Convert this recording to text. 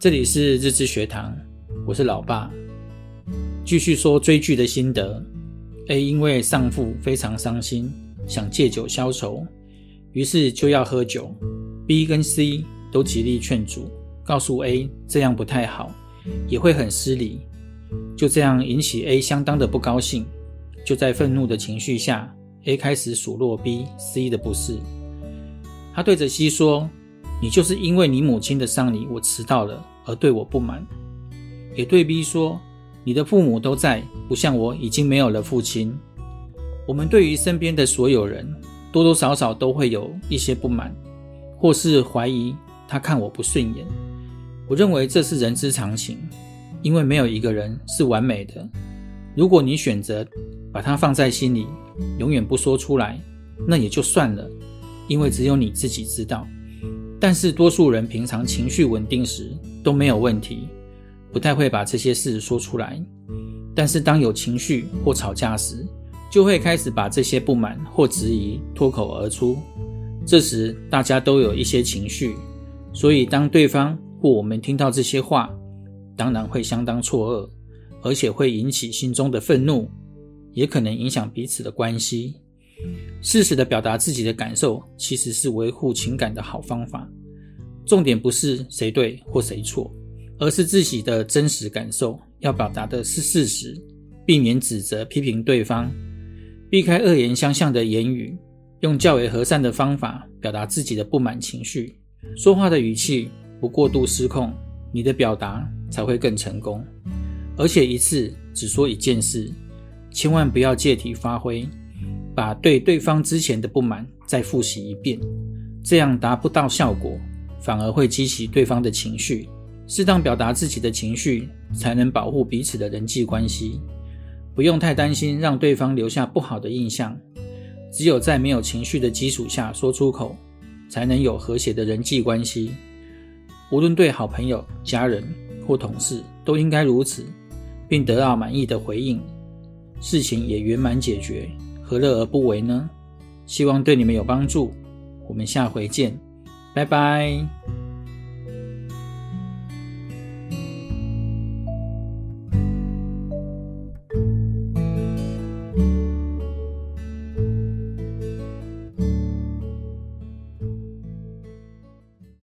這裡是日誌學堂，我是老爸。繼續說追劇的心得。A 因為喪父非常傷心，想借酒消愁，於是就要喝酒。B 跟 C 都極力勸阻，告訴 A 這樣不太好，也會很失禮。就這樣引起 A 相當的不高興，就在憤怒的情緒下，A 開始數落 B、C 的不是。他對着 C 說。你就是因為你母親的喪禮，我遲到了而對我不滿，也對逼說你的父母都在，不像我已經沒有了父親。我們對於身邊的所有人，多多少少都會有一些不滿，或是懷疑他看我不順眼。我認為這是人之常情，因為沒有一個人是完美的。如果你選擇把它放在心裡，永遠不說出來，那也就算了，因為只有你自己知道。但是多數人平常情緒穩定時都沒有問題，不太會把這些事說出來。但是當有情緒或吵架時，就會開始把這些不滿或質疑脫口而出。這時大家都有一些情緒，所以當對方或我們聽到這些話，當然會相當錯愕，而且會引起心中的憤怒，也可能影響彼此的關係。適時的表達自己的感受，其實是維護情感的好方法。重點不是誰對或誰錯，而是自己的真實感受。要表達的是事實，避免指責、批評對方，避開惡言相向的言語，用較為和善的方法表達自己的不滿情緒。說話的語氣不過度失控，你的表達才會更成功。而且一次只說一件事，千萬不要借題發揮。把對對方之前的不滿再複習一遍，這樣達不到效果，反而會激起對方的情緒。適當表達自己的情緒，才能保護彼此的人際關係。不用太擔心讓對方留下不好的印象。只有在沒有情緒的基礎下說出口，才能有和諧的人際關係。無論對好朋友、家人或同事，都應該如此，並得到滿意的回應，事情也圓滿解決。何樂而不為呢？希望對你們有幫助。我們下回見，拜拜。